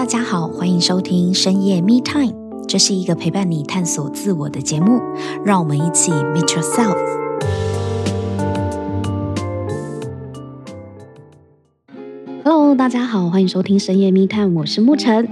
大家好，歡迎收聽深夜 Me Time，這是一個陪伴你探索自我的節目。讓我們一起 meet yourself。Hello，大家好，歡迎收聽深夜 Me Time，我是沐晨。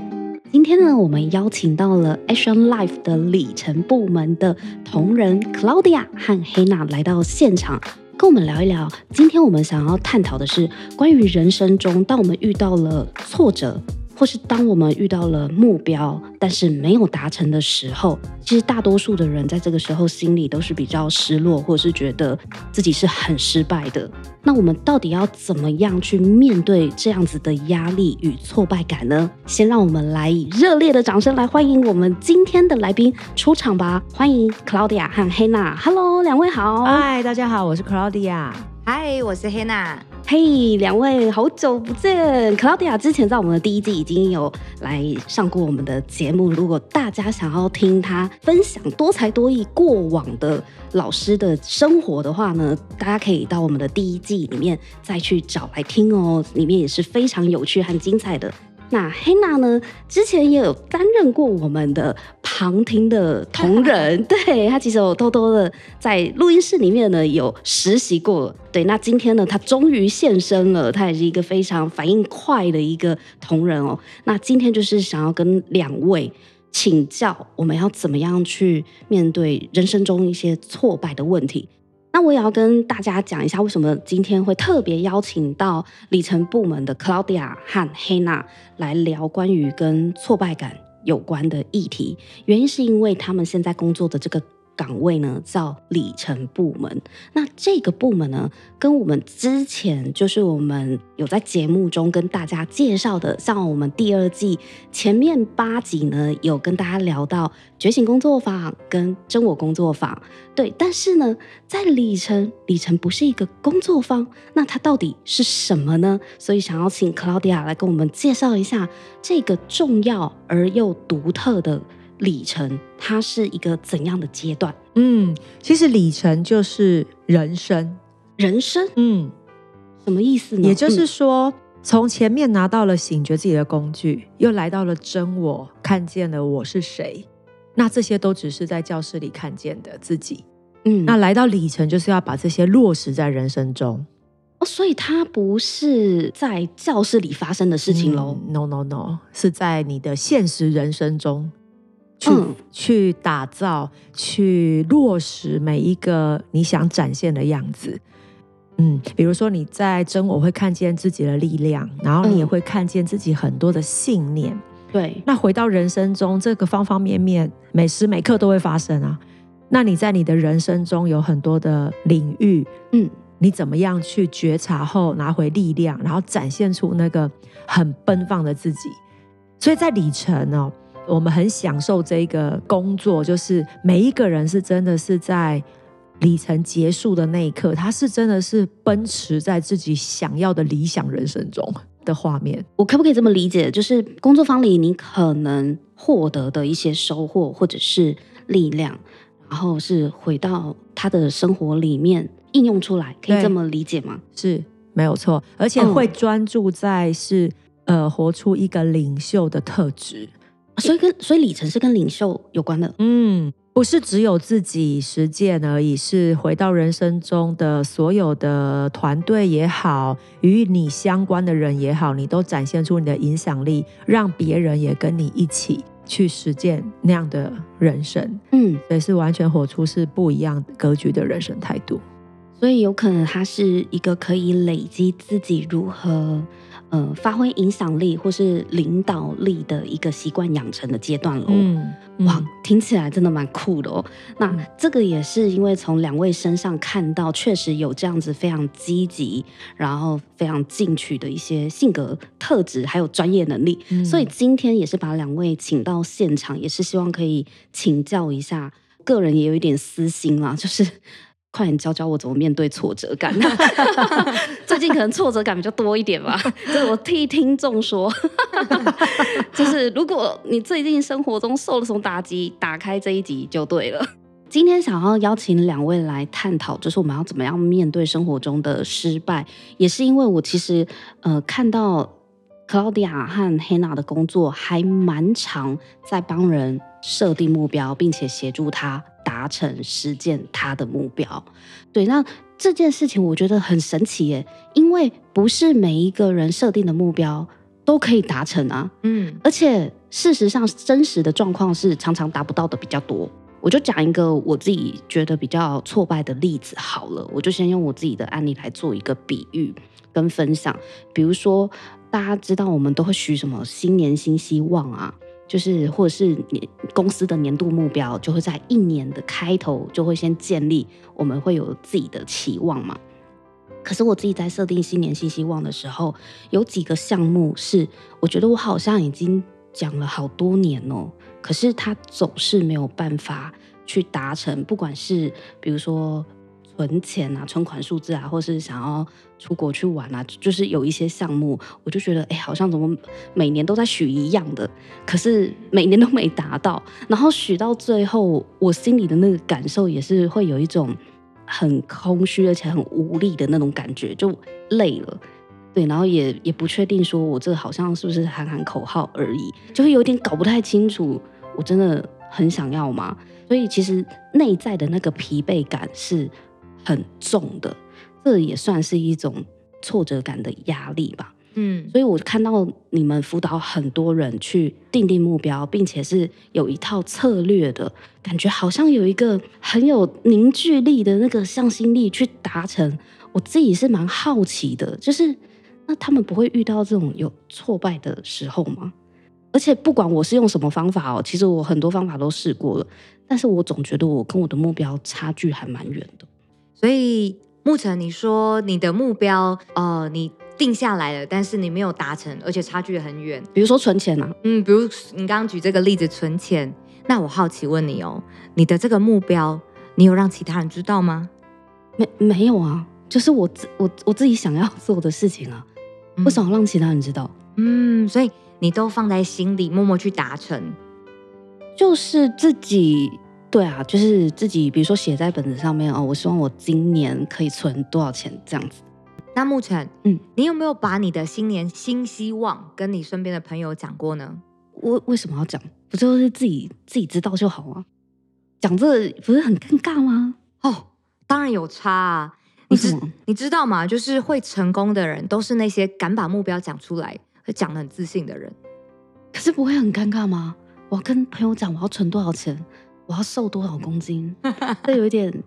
今天呢，我們邀請到了 Action Life 的里程部門的同仁 Claudia 和 Hannah 來到現場，跟我們聊一聊。今天我們想要探討的是關於人生中，當我們遇到了挫折，或是當我們遇到了目標，但是沒有達成的時候，其實大多數的人在這個時候心裡都是比較失落，或者是覺得自己是很失敗的。那我們到底要怎麼樣去面對這樣子的壓力與挫敗感呢？先讓我們來以熱烈的掌聲來歡迎我們今天的來賓出場吧！歡迎 Claudia 和 Hannah，Hello，兩位好，嗨，大家好，我是 Claudia，嗨，我是 Hannah 嘿、hey，兩位，好久不見！Claudia 之前在我們的第一季已經有來上過我們的節目。如果大家想要聽她分享多才多藝過往的老師的生活的話呢，大家可以到我們的第一季裡面再去找來聽哦，裡面也是非常有趣和精彩的。那 Hannah 呢？之前也有擔任過我們的旁聽的同仁，對，她其實有偷偷的在錄音室裡面呢有實習過。對，那今天呢，她終於現身了，她也是一個非常反應快的一個同仁哦。那今天就是想要跟兩位請教，我們要怎麼樣去面對人生中一些挫敗的問題。那我也要跟大家講一下，為什麼今天會特別邀請到里程部門的 Claudia 和 Hannah 來聊關於跟挫敗感有關的議題。原因是因為他們現在工作的這個。崗位呢，叫里程部門，那這個部門呢，跟我們之前就是我們有在節目中跟大家介紹的，像我們第二季前面八集呢，有跟大家聊到覺醒工作坊跟真我工作坊，對，但是呢，在里程，里程不是一個工作坊，那它到底是什麼呢？所以想要請 Claudia 來跟我們介紹一下這個重要而又獨特的。里程它是一個怎樣的階段？嗯，其實里程就是人生，人生，嗯，什麼意思呢？也就是說，嗯，從前面拿到了醒覺自己的工具，又來到了真我，看見了我是誰，那這些都只是在教室裡看見的自己，嗯，那來到里程就是要把這些落實在人生中哦，所以它不是在教室裡發生的事情嘍？嗯，no，no，no，no，是在你的現實人生中。去去打造，去落實每一個你想展現的樣子。嗯，比如說你在真我會看見自己的力量，然後你也會看見自己很多的信念。嗯、對，那回到人生中這個方方面面，每時每刻都會發生啊。那你在你的人生中有很多的領域，嗯，你怎麼樣去覺察後拿回力量，然後展現出那個很奔放的自己。所以在里程哦。我們很享受這個工作，就是每一個人是真的是在里程結束的那一刻，他是真的是奔馳在自己想要的理想人生中的畫面。我可不可以這麼理解，就是工作坊裡你可能獲得的一些收穫或者是力量，然後是回到他的生活裡面應用出來，可以這麼理解嗎？是沒有錯，而且會專注在是、oh. 呃，活出一個領袖的特質。所以跟所以里程是跟領袖有關的，嗯，不是只有自己實踐而已，是回到人生中的所有的團隊也好，與你相關的人也好，你都展現出你的影響力，讓別人也跟你一起去實踐那樣的人生，嗯，所以是完全活出是不一樣格局的人生態度，所以有可能它是一個可以累積自己如何。呃，發揮影響力或是領導力的一個習慣養成的階段，嗯，嗯。哇，聽起來真的蠻酷的哦。那，嗯，這個也是因為從兩位身上看到，確實有這樣子非常積極，然後非常進取的一些性格特質，還有專業能力，嗯。所以今天也是把兩位請到現場，也是希望可以請教一下，個人也有一點私心啦，就是。快點教教我怎麼面對挫折感。 最近可能挫折感比較多一點吧， 我替聽眾說， 就是如果你最近生活中受了什麼打擊，打開這一集就對了。今天想要邀請兩位來探討，就是我們要怎麼樣面對生活中的失敗，也是因為我其實呃看到 Claudia 和 Hannah 的工作還蠻常，在幫人。設定目標，並且協助他達成實踐他的目標。對，那這件事情我覺得很神奇耶，因為不是每一個人設定的目標都可以達成啊。嗯，而且事實上，真實的狀況是常常達不到的比較多。我就講一個我自己覺得比較挫敗的例子好了，我就先用我自己的案例來做一個比喻跟分享。比如說，大家知道我們都會許什麼新年新希望啊。就是，或者是年公司的年度目標，就會在一年的開頭就會先建立，我們會有自己的期望嘛。可是我自己在設定新年新希望的時候，有幾個項目是我覺得我好像已經講了好多年喔，可是它總是沒有辦法去達成，不管是比如說。存錢啊，存款數字啊，或是想要出國去玩啊，就是有一些項目，我就覺得哎、欸，好像怎麼每年都在許一樣的，可是每年都沒達到，然後許到最後，我心裡的那個感受也是會有一種很空虛，而且很無力的那種感覺，就累了，對，然後也也不確定說我這好像是不是喊喊口號而已，就會有點搞不太清楚，我真的很想要嗎？所以其實內在的那個疲憊感是很重的，這也算是一種挫折感的壓力吧。嗯，所以我看到你們輔導很多人去訂定目標，並且是有一套策略的，感覺好像有一個很有凝聚力的那個向心力去達成。我自己是蠻好奇的，就是那他們不會遇到這種有挫敗的時候嗎？而且不管我是用什麼方法哦，其實我很多方法都試過了，但是我總覺得我跟我的目標差距還蠻遠的。所以牧塵，你說你的目標，呃，你定下來了，但是你沒有達成，而且差距也很遠。比如說存錢啊，嗯，比如你剛剛舉這個例子存錢，那我好奇問你哦，你的這個目標，你有讓其他人知道嗎？沒，沒有啊，就是我自我我自己想要做的事情啊，不想讓其他人知道。嗯，所以你都放在心裡，默默去達成，就是自己。對啊，就是自己，比如說寫在本子上面哦。我希望我今年可以存多少錢這樣子。那目前嗯，你有沒有把你的新年新希望跟你身邊的朋友講過呢？我為什麼要講？不就是自己自己知道就好啊。講這不是很尷尬嗎？哦，當然有差啊。你知你，你知道嗎？就是會成功的人，都是那些敢把目標講出來、講得很自信的人。可是不會很尷尬嗎？我要跟朋友講，我要存多少錢？我要瘦多少公斤？ 這有一點，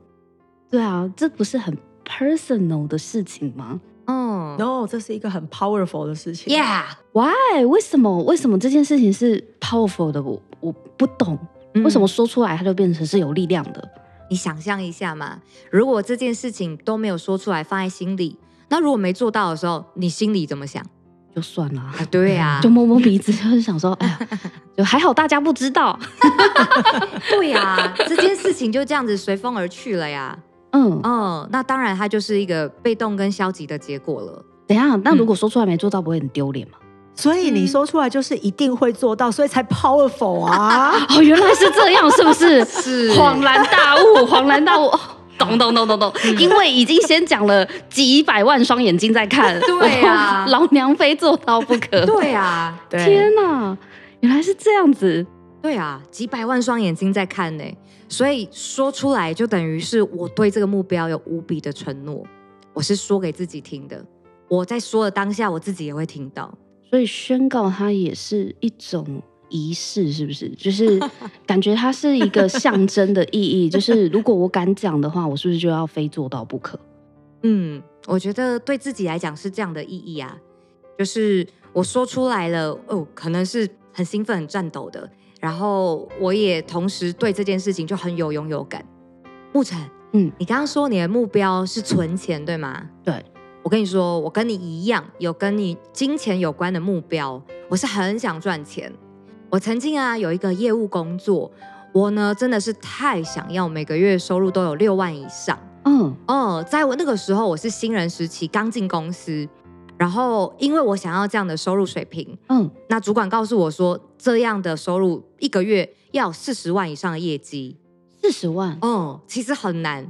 對啊，這不是很 personal 的事情嗎？嗯 、uh,，no，這是一個很 powerful 的事情 yeah. Why? Why? Why? Why。Yeah，Why？為什麼？為什麼這件事情是 powerful 的？我我不懂， 為什麼說出來它就變成是有力量的？你想象一下嘛，如果這件事情都沒有說出來，放在心裡，那如果沒做到的時候，你心裡怎麼想？就算了啊，啊對呀、啊，就摸摸鼻子， 就是想說，哎呀，就還好大家不知道。 對呀、啊，這件事情就這樣子隨風而去了呀。嗯哦、嗯、那當然它就是一個被動跟消極的結果了。等一下，那如果說出來沒做到，不會很丟臉嗎？所以你說出來就是一定會做到，所以才 powerful 啊。 哦，原來是這樣，是不是？ 是。恍然大悟，恍然大悟。 懂懂懂懂，因為已經先講了，幾百萬雙眼睛在看， 對啊，老娘，非做到不可，對啊，天吶，原來是這樣子，對啊，幾百萬雙眼睛在看呢，所以說出來就等於是我對這個目標有無比的承諾，我是說給自己聽的，我在說的當下我自己也會聽到，所以宣告它也是一種儀式是不是就是感覺它是一個象徵的意義？ 就是如果我敢講的話，我是不是就要非做到不可？嗯，我覺得對自己來講是這樣的意義啊，就是我說出來了哦，可能是很興奮、很顫抖的，然後我也同時對這件事情就很有擁有感。沐晨，嗯，你剛剛說你的目標是存錢，對嗎？對，我跟你說，我跟你一樣有跟你金錢有關的目標，我是很想賺錢。我曾經啊有一個業務工作，我呢真的是太想要每個月收入都有六萬以上。嗯哦、嗯，在我那個時候我是新人時期剛進公司，然後因為我想要這樣的收入水平，嗯，那主管告訴我說這樣的收入一個月要四十萬以上的業績，四十萬，嗯，其實很難，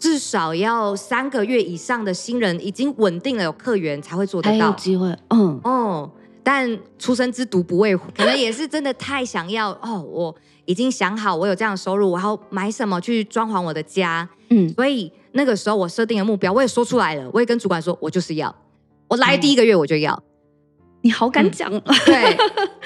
至少要三個月以上的新人已經穩定了有客源才會做得到，還有機會，嗯哦。嗯但出生之毒不畏虎，可能也是真的太想要哦。我已經想好，我有這樣的收入，我要買什麼去裝潢我的家。嗯，所以那個時候我設定了目標，我也說出來了，我也跟主管說，我就是要。我來第一個月我就要。嗯嗯、你好敢講、嗯。對，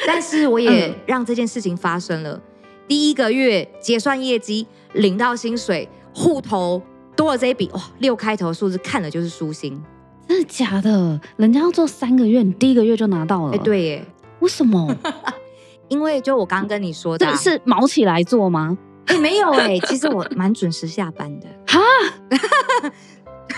但是我也讓這件事情發生了。嗯嗯、第一個月結算業績，領到薪水，戶頭多了這一筆哇、哦，六開頭數字看了就是舒心。真的假的？人家要做三個月，你第一個月就拿到了？哎、欸，對耶，為什麼？ 因為就我剛剛跟你說的、啊，是卯起來做嗎？哎、欸，沒有哎， 其實我蠻準時下班的。哈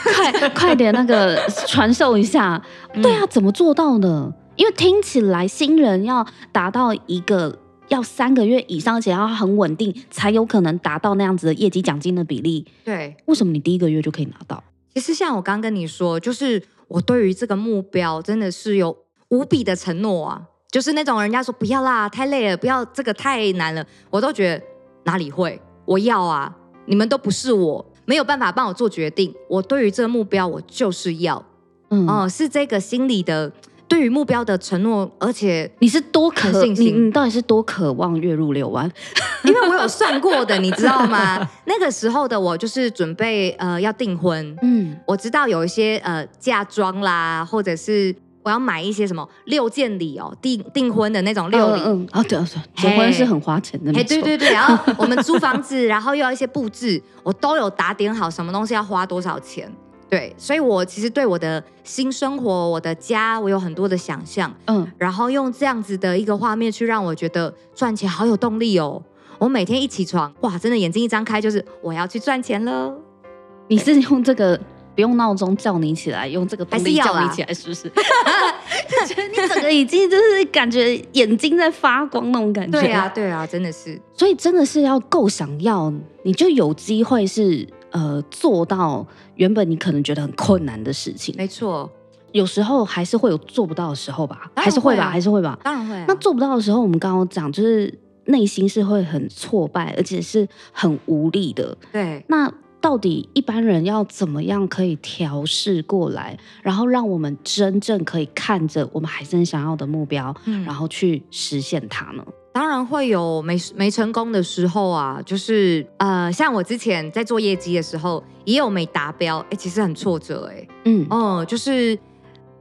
，快快點，那個傳授一下。 對啊，怎麼做到的？嗯、因為聽起來新人要達到一個要三個月以上，而且要很穩定，才有可能達到那樣子的業績獎金的比例。對，為什麼你第一個月就可以拿到？其實像我剛跟你說，就是我對於這個目標真的是有無比的承諾啊，就是那種人家說不要啦，太累了，不要這個太難了，我都覺得哪裡會，我要啊！你們都不是我，沒有辦法幫我做決定。我對於這個目標，我就是要，嗯，哦，是這個心裡的。對於目標的承諾，而且你是多可信心，你到底是多渴望月入六萬？ 因為我有算過的，你知道嗎？ 那個時候的我就是準備呃要訂婚，嗯，我知道有一些呃嫁妝啦，或者是我要買一些什麼六件禮哦，訂訂婚的那種六禮，嗯、啊、嗯，啊對啊對，結、啊、婚是很花錢的，哎對對對，然後我們租房子， 然後又要一些布置，我都有打點好，什麼東西要花多少錢。對，所以我其實對我的新生活、我的家，我有很多的想象。嗯，然後用這樣子的一個畫面去讓我覺得賺錢好有動力哦。我每天一起床，哇，真的眼睛一張開就是我要去賺錢了。你是用這個，不用鬧鐘叫你起來，用這個動力叫你起來，是不是？哈哈哈，就覺得你整個已經就是感覺眼睛在發光那種感覺。 對啊，對啊，真的是。所以真的是要夠想要，你就有機會是。呃，做到原本你可能覺得很困難的事情，沒錯，有時候還是會有做不到的時候吧？啊、還是會吧？還是會吧？當然會、啊。那做不到的時候，我們剛剛講，就是內心是會很挫敗，而且是很無力的。對。那到底一般人要怎麼樣可以調試過來，然後讓我們真正可以看着我們還是很想要的目標，嗯、然後去實現它呢？當然會有沒沒成功的時候啊，就是呃，像我之前在做業績的時候，也有沒達標，哎、欸，其實很挫折，欸，哎，嗯，哦、呃，就是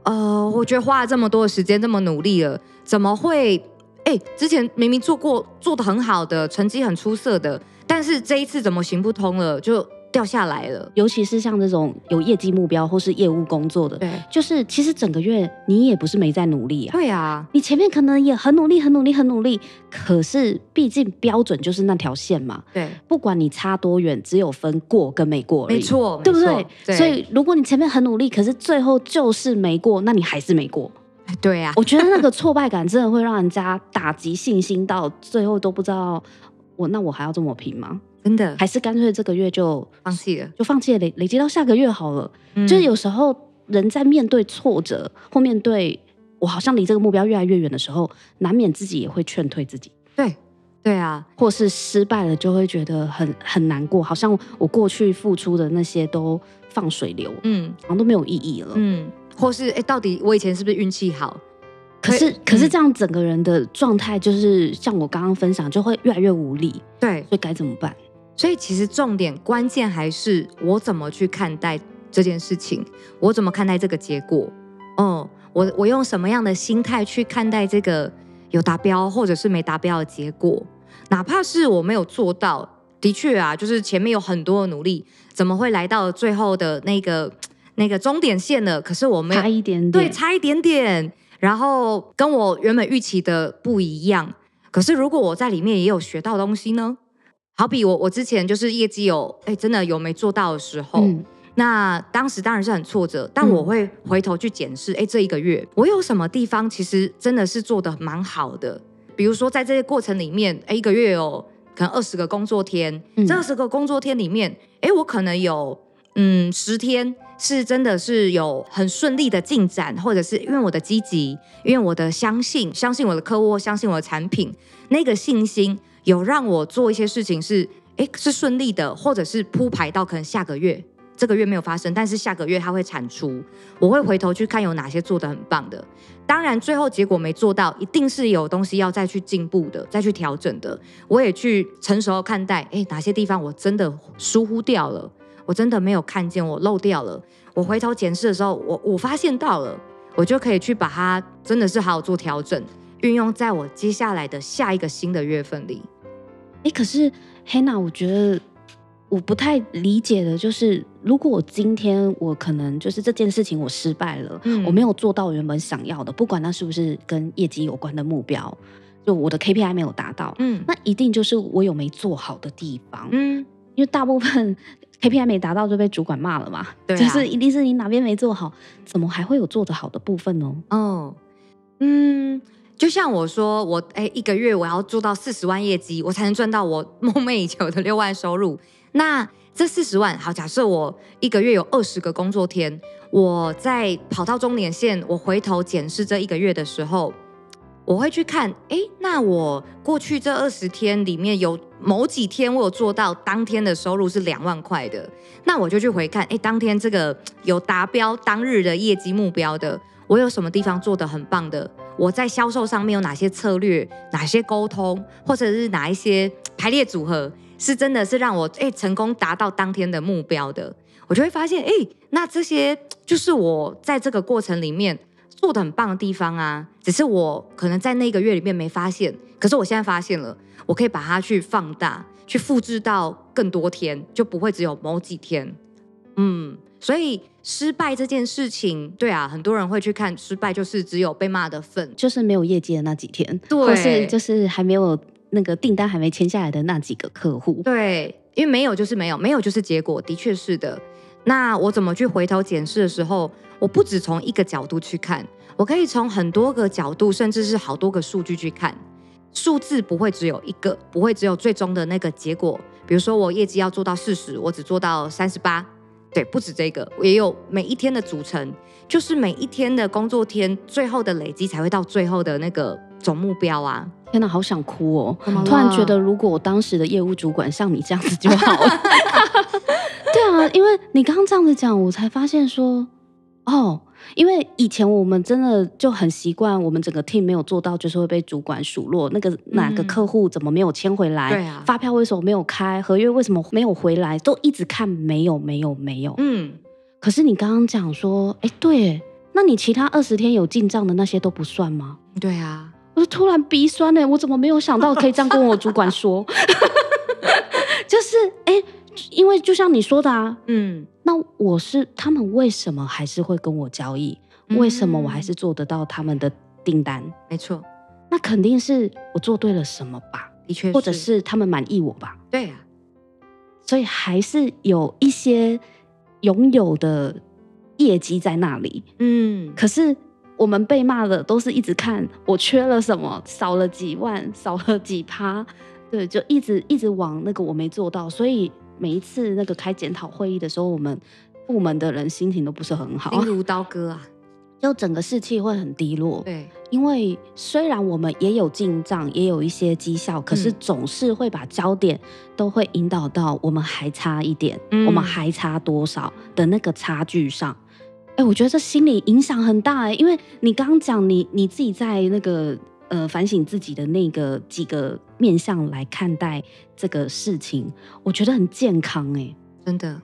呃，我覺得花了這麼多的時間，這麼努力了，怎麼會哎、欸，之前明明做過，做得很好的，成績很出色的，但是這一次怎麼行不通了？就。掉下來了，尤其是像這種有業績目標或是業務工作的，對，就是其實整個月你也不是沒在努力啊，對呀、啊，你前面可能也很努力，很努力，很努力，可是畢竟標準就是那條線嘛，對，不管你差多遠，只有分過跟沒過，沒錯，對不對，對？所以如果你前面很努力，可是最後就是沒過，那你還是沒過，對呀、啊。我覺得那個挫敗感真的會讓人家打擊信心， 到最後都不知道我那我還要這麼拼嗎？真的，還是乾脆這個月就放棄了，就放棄了累累積到下個月好了。嗯、就是有時候人在面對挫折或面對我好像離這個目標越來越遠的時候，難免自己也會勸退自己。對，對啊，或是失敗了就會覺得很很難過，好像我過去付出的那些都放水流，嗯，好像都沒有意義了，嗯，或是哎、欸，到底我以前是不是運氣好？可是可是這樣，整個人的狀態就是像我剛剛分享、嗯，就會越來越無力。對，所以該怎麼辦？所以，其實重點關鍵還是我怎麼去看待這件事情，我怎麼看待這個結果？哦、嗯，我我用什麼樣的心態去看待這個有達標或者是沒達標的結果？哪怕是我沒有做到，的確啊，就是前面有很多的努力，怎麼會來到最後的那個那個終點線呢？可是我們差一點點，對，差一點點，然後跟我原本預期的不一樣。可是如果我在裡面也有學到東西呢？好比我我之前就是業績有哎、欸、真的有沒做到的時候、嗯，那當時當然是很挫折，但我會回頭去檢視，哎、嗯欸，這一個月我有什麼地方其實真的是做得蠻好的，比如說在這些過程裡面，哎、欸，一個月有可能二十個工作天，嗯、這二十個工作天裡面，哎、欸，我可能有嗯十天是真的是有很順利的進展，或者是因為我的積極，因為我的相信，相信我的客戶，相信我的產品那個信心。有讓我做一些事情是，哎、欸，是順利的，或者是鋪排到可能下個月，這個月沒有發生，但是下個月它會產出，我會回頭去看有哪些做得很棒的。當然，最後結果沒做到，一定是有東西要再去進步的，再去調整的。我也去成熟看待，哎、欸，哪些地方我真的疏忽掉了，我真的沒有看見，我漏掉了。我回頭檢視的時候，我我發現到了，我就可以去把它真的是好好做調整，運用在我接下來的下一個新的月份裡。哎，可是 Hannah，我覺得我不太理解的，就是如果我今天我可能就是這件事情我失敗了，嗯，我沒有做到原本想要的，不管那是不是跟業績有關的目標，就我的 KPI 沒有達到，嗯，那一定就是我有沒做好的地方，嗯，因為大部分 KPI 沒達到就被主管罵了嘛，對，啊，就是一定是你哪邊沒做好，怎麼還會有做得好的部分呢？哦，嗯。就像我說，我哎一個月我要做到四十萬業績，我才能賺到我夢寐以求的六萬收入。那這四十萬，好，假設我一個月有二十個工作天，我在跑到終點線，我回頭檢視這一個月的時候，我會去看，哎、欸，那我過去這二十天裡面有某幾天我有做到當天的收入是兩萬塊的，那我就去回看，哎、欸，當天這個有達標當日的業績目標的，我有什麼地方做得很棒的？我在銷售上面有哪些策略，哪些溝通，或者是哪一些排列組合，是真的是讓我誒成功達到當天的目標的，我就會發現誒，那這些就是我在這個過程裡面做得很棒的地方啊，只是我可能在那個月裡面沒發現，可是我現在發現了，我可以把它去放大，去複製到更多天，就不會只有某幾天，嗯，所以。失敗這件事情，對啊，很多人會去看失敗，就是只有被罵的份，就是沒有業績的那幾天，對，或是就是還沒有那個訂單還沒簽下來的那幾個客戶，對，因為沒有就是沒有，沒有就是結果，的確是的。那我怎麼去回頭檢視的時候，我不只從一個角度去看，我可以從很多個角度，甚至是好多個數據去看，數字不會只有一個，不會只有最終的那個結果。比如說我業績要做到四十，我只做到三十八。對，不止這個，我也有每一天的組成，就是每一天的工作天最後的累積才會到最後的那個總目標啊！天哪，好想哭哦！哦，突然覺得，如果我當時的業務主管像你這樣子就好了。 對啊，因為你剛剛這樣子講，我才發現說，哦。因為以前我們真的就很習慣，我們整個 team 沒有做到，就是會被主管數落。那個哪個客戶怎麼沒有簽回來？嗯、對啊。發票為什麼沒有開？合約為什麼沒有回來？都一直看沒有沒有沒有。嗯，可是你剛剛講說，哎，對，那你其他二十天有進賬的那些都不算嗎？對啊，我突然鼻酸哎，我怎麼沒有想到可以這樣跟我主管說？ 就是哎。誒因為就像你說的啊，嗯，那我是他們為什麼還是會跟我交易，嗯？為什麼我還是做得到他們的訂單？沒錯，那肯定是我做對了什麼吧？的確，或者是他們滿意我吧？對啊，所以還是有一些擁有的業績在那裡。嗯，可是我們被罵的都是一直看我缺了什麼，少了幾萬，少了幾趴，對，就一直一直往那個我沒做到，所以。每一次那個開檢討會議的時候，我們部門的人心情都不是很好，啊，心如刀割啊，就整個士氣會很低落。對，因為雖然我們也有進賬，也有一些績效，嗯，可是總是會把焦點都會引導到我們還差一點，嗯、我們還差多少的那個差距上。哎、欸，我覺得這心理影響很大，欸、因為你剛剛講你你自己在那個。呃，反省自己的那個幾個面向來看待這個事情，我覺得很健康、欸、真的，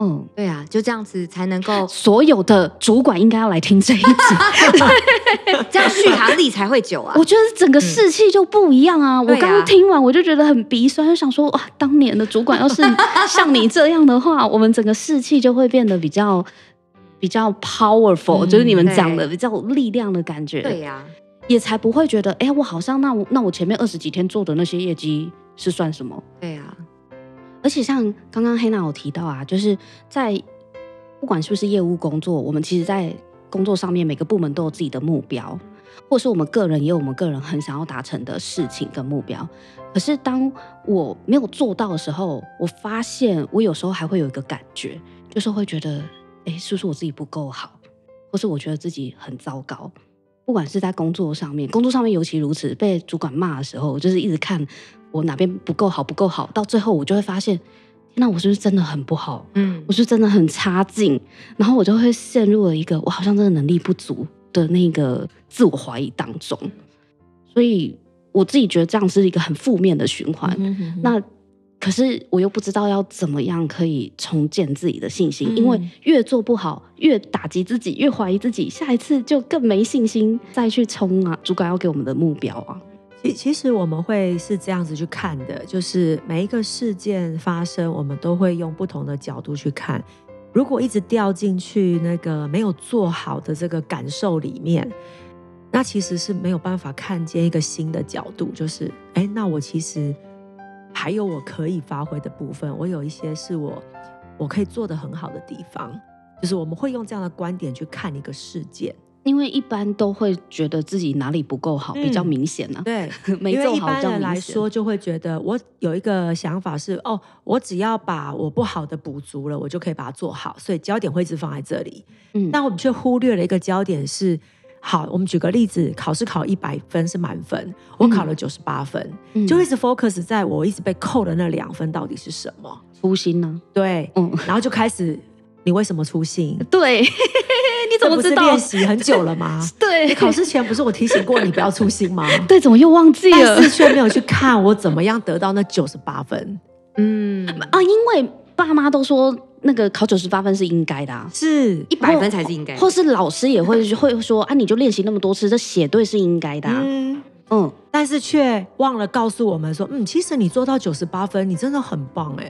嗯，對啊，就這樣子才能夠，所有的主管應該要來聽這一集， 這樣續航力才會久啊。我覺得整個士氣就不一樣啊。嗯、我剛聽完我就覺得很鼻酸，啊、就想說哇、啊，當年的主管要是像你這樣的話， 我們整個士氣就會變得比較比較 powerful，、嗯、就是你們講的比較力量的感覺。對呀。對啊也才不會覺得，哎，我好像那我那我前面二十幾天做的那些業績是算什麼？對呀，而且像剛剛 Hannah 有提到啊，就是在不管是不是業務工作，我們其實，在工作上面每個部門都有自己的目標，或是我們個人也有我們個人很想要達成的事情跟目標。可是當我沒有做到的時候，我發現我有時候還會有一個感覺，就是會覺得，哎，是不是我自己不夠好，或是我覺得自己很糟糕。不管是在工作上面，工作上面尤其如此。被主管罵的時候，就是一直看我哪邊不夠好，不夠好，到最後我就會發現，那我是不是真的很不好，嗯，我是真的很差勁，然後我就會陷入了一個我好像真的能力不足的那個自我懷疑當中。所以我自己覺得這樣是一個很負面的循環。嗯嗯嗯嗯、那。可是我又不知道要怎麼樣可以重建自己的信心。嗯，因為越做不好，越打擊自己，越懷疑自己，下一次就更沒信心再去衝啊！主管要給我們的目標啊，其其實我們會是這樣子去看的，就是每一個事件發生，我們都會用不同的角度去看。如果一直掉進去那個沒有做好的這個感受裡面，那其實是沒有辦法看見一個新的角度，就是，哎，那我其實。還有我可以發揮的部分，我有一些是我我可以做得很好的地方，就是我們會用這樣的觀點去看一個事件，因為一般都會覺得自己哪裡不夠好，嗯，比較明顯呢，啊。對，沒做好比較明顯。因為一般人來說，就會覺得我有一個想法是，哦，我只要把我不好的補足了，我就可以把它做好，所以焦點會一直放在這裡。嗯，但我們卻忽略了一個焦點是。好，我們舉個例子，考試考一百分是滿分，我考了九十八分、嗯，就一直 focus 在我一直被扣的那兩分到底是什麼？粗心呢？對，嗯，然後就開始，你為什麼粗心？對，你怎麼知道？練習很久了嗎？對，你考試前不是我提醒過你不要粗心嗎？對，怎麼又忘記了？但是卻沒有去看我怎麼樣得到那九十八分？嗯啊，因為爸媽都說。那個考九十八分是應該的、啊，是一百分才是應該的或，或是老師也會 就會說啊，你就練習那麼多次，這寫對是應該的、啊嗯。嗯，但是卻忘了告訴我們說，嗯，其實你做到九十八分，你真的很棒誒。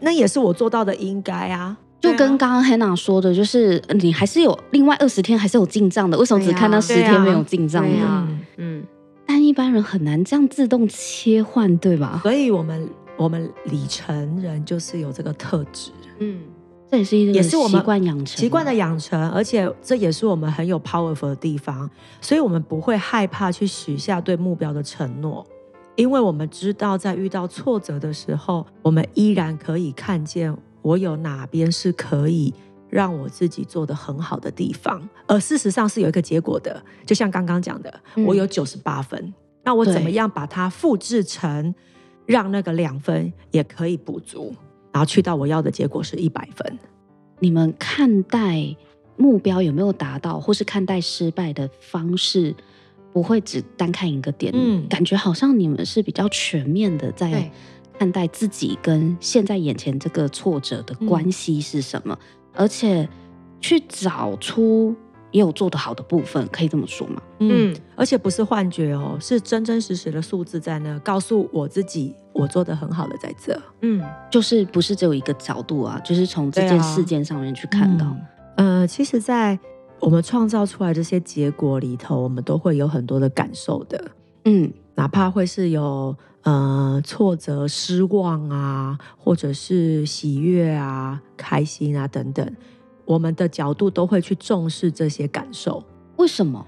那也是我做到的應該啊。就跟剛剛 Hannah 說的，就是你還是有另外二十天還是有進賬的，為什麼只看到十天沒有進賬的、哎啊哎嗯？嗯，但一般人很難這樣自動切換，對吧？所以我們。我們里程人就是有這個特質，嗯，這也是也是我們習慣養成習慣的養成，而且這也是我們很有 powerful 的地方，所以我們不會害怕去許下對目標的承諾，因為我們知道在遇到挫折的時候，我們依然可以看見我有哪邊是可以讓我自己做的很好的地方，而事實上是有一個結果的，就像剛剛講的，我有九十八分，嗯，那我怎麼樣把它複製成？讓那個兩分也可以補足，然後去到我要的結果是一百分。你們看待目標有沒有達到，或是看待失敗的方式，不會只單看一個點，嗯，感覺好像你們是比較全面的在看待自己跟現在眼前這個挫折的關係是什麼，嗯，而且去找出。也有做得好的部分，可以這麼說嗎？嗯，而且不是幻覺哦，是真真實實的數字在那告訴我自己，我做得很好的在這。嗯，就是不是只有一個角度啊，就是從這件事件上面去看到。嗯、呃，其實，在我們創造出來這些結果裡頭，我們都會有很多的感受的。嗯，哪怕會是有呃挫折、失望啊，或者是喜悅啊、開心啊等等。我們的角度都會去重視這些感受，為什麼？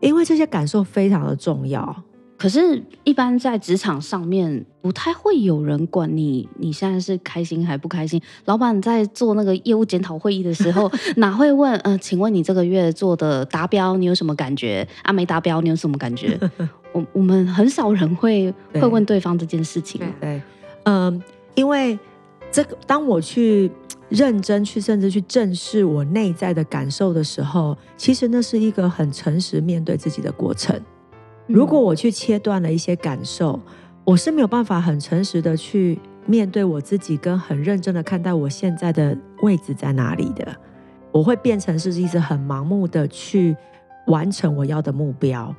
因為這些感受非常的重要。可是，一般在職場上面，不太會有人管你。你現在是開心還不開心？老闆在做那個業務檢討會議的時候， 哪會問？呃，請問你這個月做的達標，你有什麼感覺？啊，沒達標，你有什麼感覺？ 我我們很少人會會問對方這件事情。對，對嗯，因為這個，當我去。認真去，甚至去正視我內在的感受的時候，其實那是一個很誠實面對自己的過程。如果我去切斷了一些感受、嗯，我是沒有辦法很誠實的去面對我自己，跟很認真的看待我現在的位置在哪裡的。我會變成是一直很盲目的去完成我要的目標。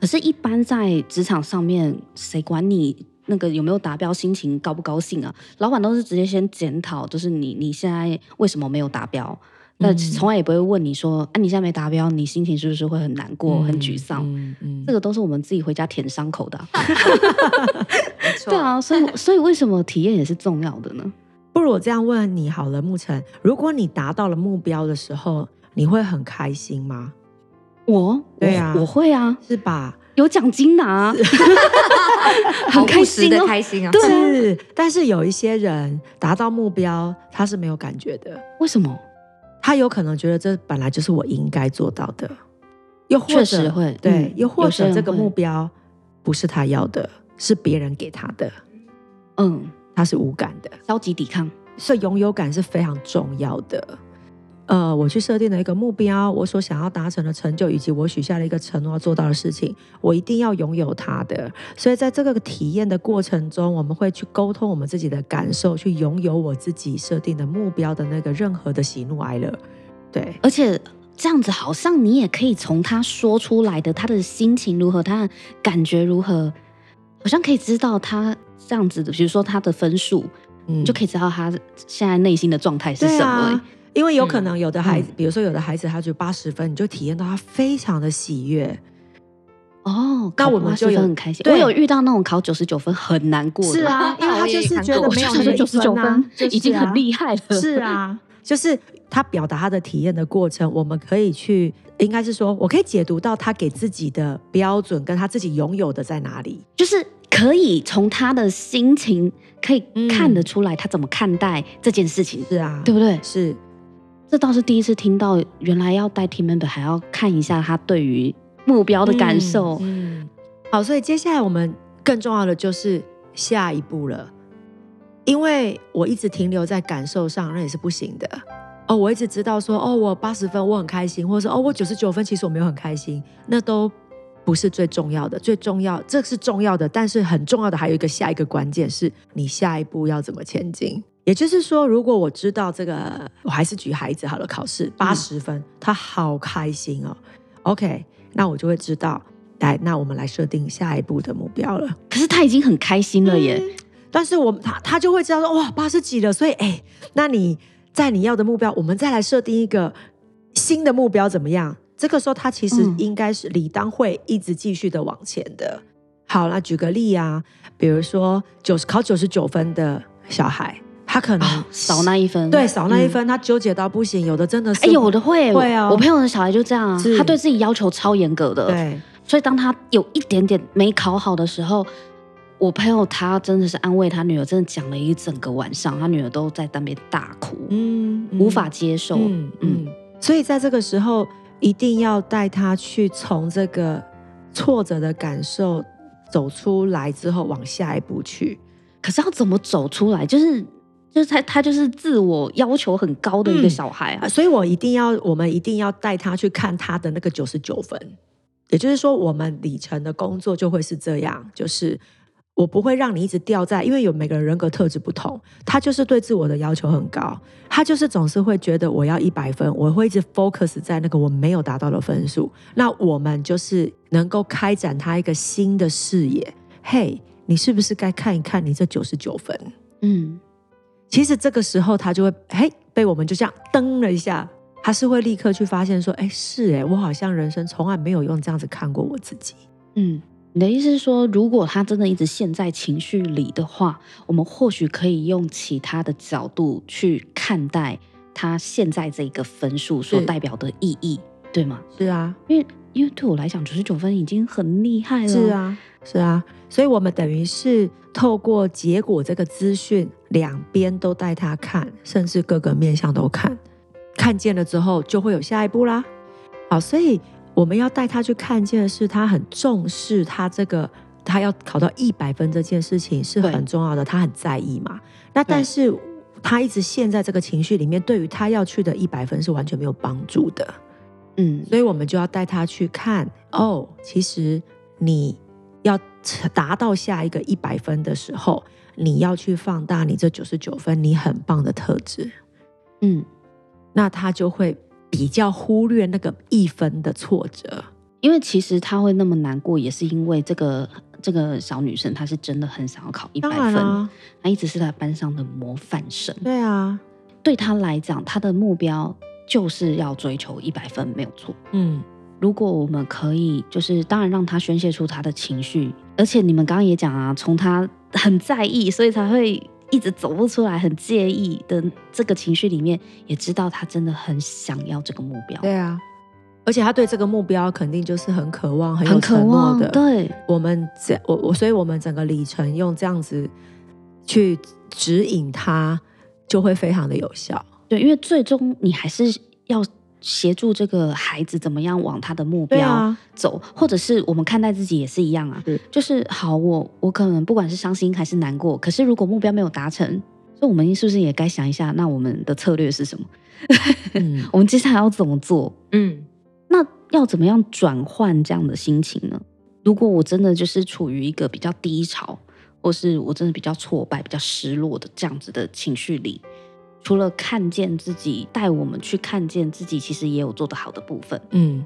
可是，一般在職場上面，誰管你？那個有沒有達標？心情高不高興啊？老闆都是直接先檢討，就是你你現在為什麼沒有達標？那、嗯、從、嗯、來也不會問你說，哎、啊，你現在沒達標，你心情是不是會很難過、嗯嗯很沮喪、嗯嗯？這個都是我們自己回家舔傷口的。 沒錯。對啊，所以所以為什麼體驗也是重要的呢？ 不如我這樣問你好了，沐晨，如果你達到了目標的時候，你會很開心嗎？我，對啊，我會啊，是吧？有獎金拿、啊， 很開心、哦、的開心啊、哦！對， 但是有一些人達到目標，他是沒有感覺的。為什麼？他有可能覺得這本來就是我應該做到的，又或者確實會對、嗯，又或者這個目標不是他要的，是別人給他的。嗯，他是無感的，消極抵抗，所以擁有感是非常重要的。呃，我去設定了一個目標，我所想要達成的成就，以及我許下了一個承諾要做到的事情，我一定要擁有它的。所以，在這個體驗的過程中，我們會去溝通我們自己的感受，去擁有我自己設定的目標的那個任何的喜怒哀樂。對，而且這樣子好像你也可以從他說出來的，他的心情如何，他的感覺如何，好像可以知道他這樣子的，比如說他的分數，嗯，你就可以知道他現在內心的狀態是什麼。因為有可能有的孩子，嗯、比如說有的孩子，他就八十分，你就體驗到他非常的喜悅。哦，八十分，那我們就有很開心。對，我有遇到那種考九十九分很難過。是啊，因為他就是覺得沒有考九十九分，啊、就分，啊就是啊，已經很厲害了，是啊， 就是他表達他的體驗的過程，我們可以去，應該是說我可以解讀到他給自己的標準跟他自己擁有的在哪裡，就是可以從他的心情可以看得出來他怎麼看待這件事情，嗯，是啊，對不對？是。這倒是第一次聽到，原來要帶 team member 還要看一下他對於目標的感受。嗯嗯。好，所以接下來我們更重要的就是下一步了，因為我一直停留在感受上，那也是不行的。哦，我一直知道說，哦，我八十分，我很開心，或者說，哦，我九十九分，其實我沒有很開心，那都不是最重要的。最重要，這是重要的，但是很重要的還有一個下一個關鍵是你下一步要怎麼前進。也就是說，如果我知道這個，我還是舉孩子好了。考試八十分，嗯，他好開心哦，喔。OK，那我就會知道，來，那我們來設定下一步的目標了。可是他已經很開心了耶，嗯，但是我他他就會知道說，哇，八十幾了。所以，哎，欸，那你在你要的目標，我們再來設定一個新的目標怎麼樣？這個時候，他其實應該是理當會一直繼續的往前的。好了，那舉個例啊，比如說九十考九十九分的小孩。他可能、啊、少那一分，對，少那一分，嗯、他糾結到不行。有的真的是，哎、欸，有的會會啊、喔！我朋友的小孩就這樣、啊，他對自己要求超嚴格的，對。所以當他有一點點沒考好的時候，我朋友他真的是安慰他女兒，真的講了一整個晚上，他女兒都在那邊大哭，嗯，無法接受，嗯嗯，嗯。所以在這個時候，一定要帶他去從這個挫折的感受走出來之後，往下一步去。可是要怎麼走出來？就是。就是他，他就是自我要求很高的一個小孩啊、嗯，所以我一定要，我們一定要帶他去看他的那個九十九分。也就是說，我們里程的工作就會是這樣，就是我不會讓你一直掉在，因為有每個人人格特質不同，他就是對自我的要求很高，他就是總是會覺得我要一百分，我會一直 focus 在那個我沒有達到的分數。那我們就是能夠開展他一個新的視野。嘿，你是不是該看一看你這九十九分？嗯。其實這個時候，他就會哎，被我們就這樣噔了一下，他是會立刻去發現說，哎，是哎，我好像人生從來沒有用這樣子看過我自己。嗯，你的意思是說，如果他真的一直陷在情緒裡的話，我們或許可以用其他的角度去看待他現在這個分數所代表的意義，對嗎？是啊，因為因為對我來講，九十九分已經很厲害了。是啊，是啊，所以我們等於是透過結果這個資訊。兩邊都帶他看，甚至各個面向都看，看見了之後就會有下一步啦。好，所以我們要帶他去看見的是，他很重視他這個他要考到一百分這件事情是很重要的，他很在意嘛。那但是他一直陷在這個情緒裡面，對於他要去的一百分是完全沒有幫助的。嗯，所以我們就要帶他去看哦，其實你要達到下一個一百分的時候。你要去放大你這九十九分，你很棒的特質，嗯，那他就會比較忽略那個一分的挫折，因為其實他會那麼難過，也是因為這個這個小女生，她是真的很想要考一百分啊，她一直是他班上的模範生。對啊，對他來講，他的目標就是要追求一百分，沒有錯。嗯，如果我們可以，就是當然讓他宣洩出他的情緒，而且你們剛剛也講啊，從他。很在意，所以才會一直走不出來，很介意的這個情緒裡面，也知道他真的很想要這個目標。對啊，而且他對這個目標肯定就是很渴望，很，很渴望的。對，我們在我我，所以我們整個里程用這樣子去指引他，就會非常的有效。對，因為最終你還是要。協助這個孩子怎麼樣往他的目標走，對啊，或者是我們看待自己也是一樣啊。是，就是好，我我可能不管是傷心還是難過，可是如果目標沒有達成，那我們是不是也該想一下，那我們的策略是什麼？ 嗯、 我們接下來要怎麼做？嗯，那要怎麼樣轉換這樣的心情呢？如果我真的就是處於一個比較低潮，或是我真的比較挫敗、比較失落的這樣子的情緒裡。除了看見自己，帶我們去看見自己，其實也有做得好的部分。嗯，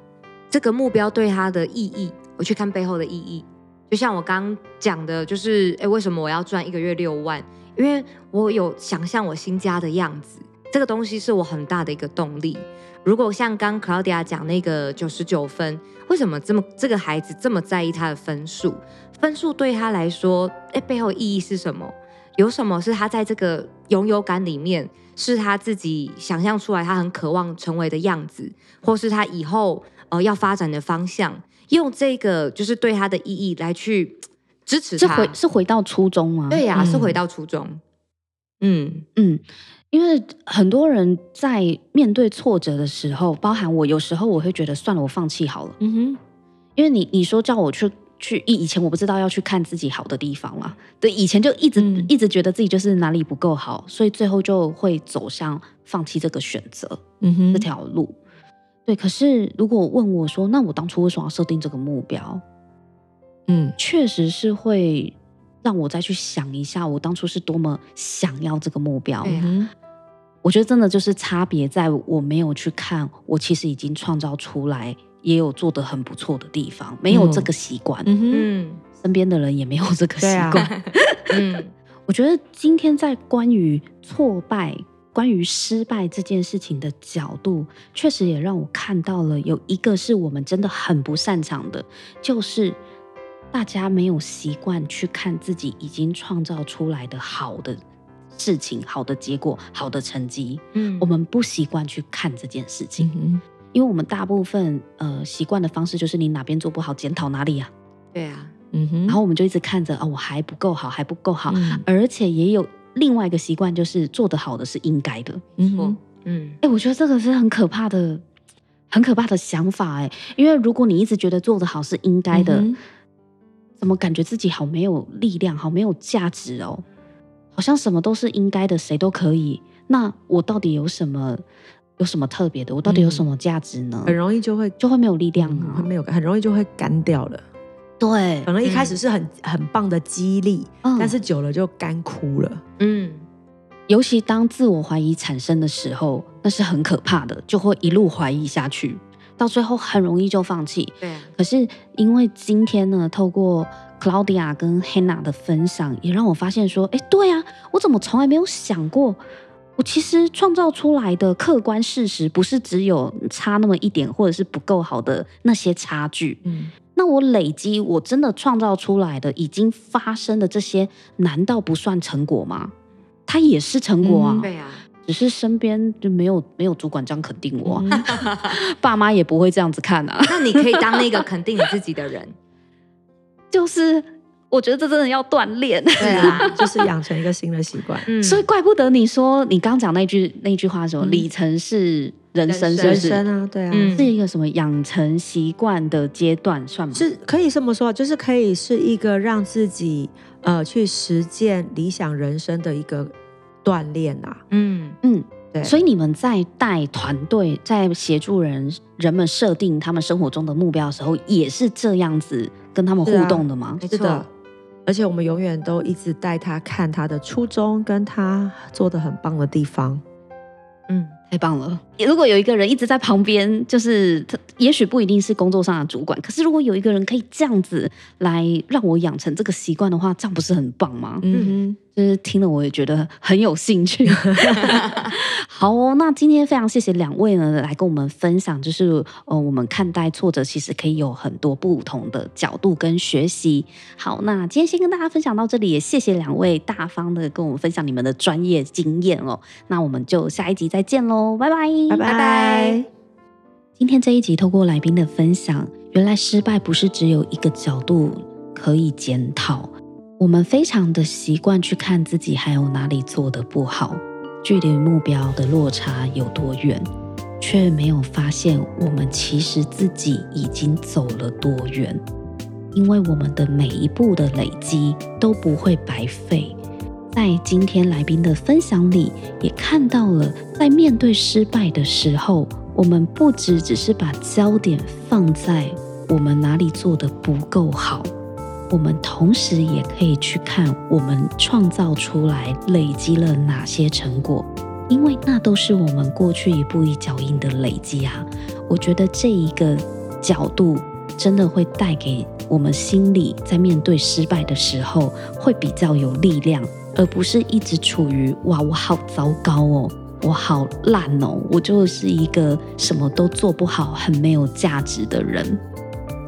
這個目標對他的意義，我去看背後的意義。就像我剛剛講的，就是哎、欸，為什麼我要賺一個月六萬？因為我有想象我新家的樣子，這個東西是我很大的一個動力。如果像剛剛 Claudia 講那個九十九分，為什麼這麼這個孩子這麼在意他的分數？分數對他來說，哎、欸，背後意義是什麼？有什麼是他在這個擁有感裡面？是他自己想象出來，他很渴望成為的樣子，或是他以後呃要發展的方向，用這個就是對他的意義來去支持他。是回是回到初衷嗎？對呀、啊嗯，是回到初衷。嗯嗯，因為很多人在面對挫折的時候，包含我，有時候我會覺得算了，我放棄好了。嗯哼，因為你你說叫我去。去，以前我不知道要去看自己好的地方啦，對，以前就一直、嗯、一直覺得自己就是哪裡不夠好，所以最後就會走向放棄這個選擇，嗯哼，這條路，對。可是如果問我說，那我當初為什麼要設定這個目標？嗯，確實是會讓我再去想一下，我當初是多麼想要這個目標。嗯、我覺得真的就是差別，在我沒有去看，我其實已經創造出來。也有做得很不錯的地方、嗯，沒有這個習慣，嗯，身邊的人也沒有這個習慣、啊 嗯。我覺得今天在關於挫敗、關於失敗這件事情的角度，確實也讓我看到了有一個是我們真的很不擅長的，就是大家沒有習慣去看自己已經創造出來的好的事情、好的結果、好的成績。嗯，我們不習慣去看這件事情。嗯因為我們大部分呃習慣的方式就是你哪邊做不好，檢討哪裡啊？對啊，嗯哼。然後我們就一直看着啊、哦，我還不夠好，還不夠好。嗯、而且也有另外一個習慣，就是做得好的是應該的，沒錯，嗯。誒、欸，我覺得這個是很可怕的，很可怕的想法哎、欸。因為如果你一直覺得做得好是應該的、嗯，怎麼感覺自己好沒有力量，好沒有價值哦？好像什麼都是應該的，誰都可以。那我到底有什麼？有什麼特別的？我到底有什麼價值呢、嗯？很容易就會就會沒有力量、啊，會沒有，很容易就會乾掉了。對，可能一開始是很、嗯、很棒的激勵、嗯，但是久了就乾枯了。嗯，尤其當自我懷疑產生的時候，那是很可怕的，就會一路懷疑下去，到最後很容易就放棄。對，可是因為今天呢，透過 Claudia 跟 Hannah 的分享，也讓我發現說，哎、欸，對啊，我怎麼從來沒有想過？其實創造出來的客觀事實，不是只有差那麼一點，或者是不夠好的那些差距。嗯，那我累積我真的創造出來的，已經發生的這些，難道不算成果嗎？它也是成果啊，嗯，對啊，只是身邊就沒有沒有主管這樣肯定我啊，嗯， 爸媽也不會這樣子看啊。 那你可以當那個肯定你自己的人， 就是。我覺得這真的要鍛鍊。對啊，就是養成一個新的習慣 嗯。所以怪不得你說你剛講那句那句話的時候，嗯，里程是人生是是人生啊，對啊，嗯，是一個什麼養成習慣的階段算嗎？是可以這麼說，就是可以是一個讓自己呃去實踐理想人生的一個鍛鍊啊。嗯嗯，對。所以你們在帶團隊，在協助人人們設定他們生活中的目標的時候，也是這樣子跟他們互動的嗎？對啊，沒錯。是的而且我們永遠都一直帶他看他的初衷，跟他做的很棒的地方。嗯，太棒了！如果有一個人一直在旁邊，就是他，也許不一定是工作上的主管，可是如果有一個人可以這樣子來讓我養成這個習慣的話，這樣不是很棒嗎？嗯哼。嗯就是聽了我也覺得很有興趣。 好、哦，那今天非常謝謝兩位呢，來跟我們分享，就是、呃、我們看待挫折其實可以有很多不同的角度跟學習。好，那今天先跟大家分享到這裡，也謝謝兩位大方的跟我們分享你們的專業經驗哦。那我們就下一集再見嘍，拜拜拜拜。今天這一集透過來賓的分享，原來失敗不是只有一個角度可以檢討。我們非常的習慣去看自己還有哪裡做的不好，距離目標的落差有多遠，卻沒有發現我們其實自己已經走了多遠。因為我們的每一步的累積都不會白費。在今天來賓的分享裡，也看到了在面對失敗的時候，我們不只只是把焦點放在我們哪裡做的不夠好。我們同時也可以去看我們創造出來累積了哪些成果，因為那都是我們過去一步一腳印的累積啊。我覺得這一個角度真的會帶給我們心裡在面對失敗的時候會比較有力量，而不是一直處於“哇，我好糟糕哦，我好爛哦，我就是一個什麼都做不好、很沒有價值的人。”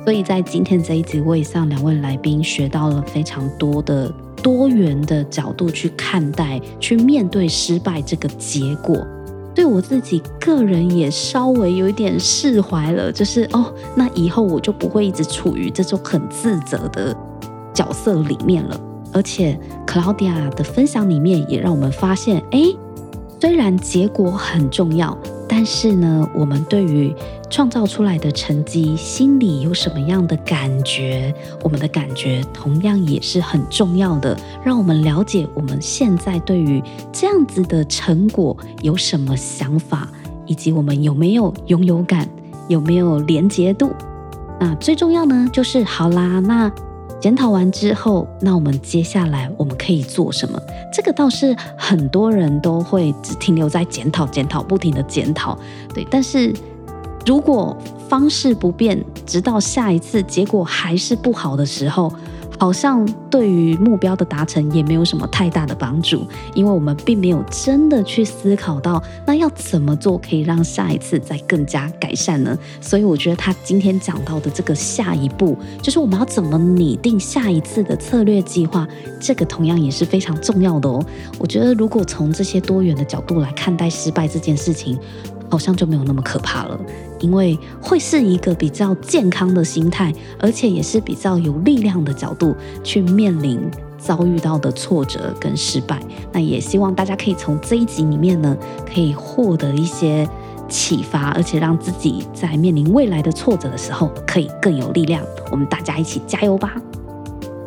所以在今天這一集，我也向兩位來賓學到了非常多的多元的角度去看待、去面對失敗這個結果，對我自己個人也稍微有一點釋懷了，就是哦，那以後我就不會一直處於這種很自責的角色裡面了。而且 Claudia 的分享裡面也讓我們發現，哎、欸，雖然結果很重要。但是呢，我們對於創造出來的成績，心裡有什麼樣的感覺？我們的感覺同樣也是很重要的。讓我們了解我們現在對於這樣子的成果有什麼想法，以及我們有沒有擁有感，有沒有連接度。那最重要呢，就是好啦，那。檢討完之後，那我們接下來我們可以做什麼？這個倒是很多人都會只停留在檢討、檢討、不停的檢討，對。但是如果方式不變，直到下一次結果還是不好的時候。好像對於目標的達成也沒有什麼太大的幫助，因為我們並沒有真的去思考到，那要怎麼做可以讓下一次再更加改善呢？所以我覺得他今天講到的這個下一步，就是我們要怎麼擬定下一次的策略計劃，這個同樣也是非常重要的哦。我覺得如果從這些多元的角度來看待失敗這件事情，好像就沒有那麼可怕了，因為會是一個比較健康的心態，而且也是比較有力量的角度去面臨遭遇到的挫折跟失敗。那也希望大家可以從這一集裡面呢，可以獲得一些啟發，而且讓自己在面臨未來的挫折的時候可以更有力量。我們大家一起加油吧！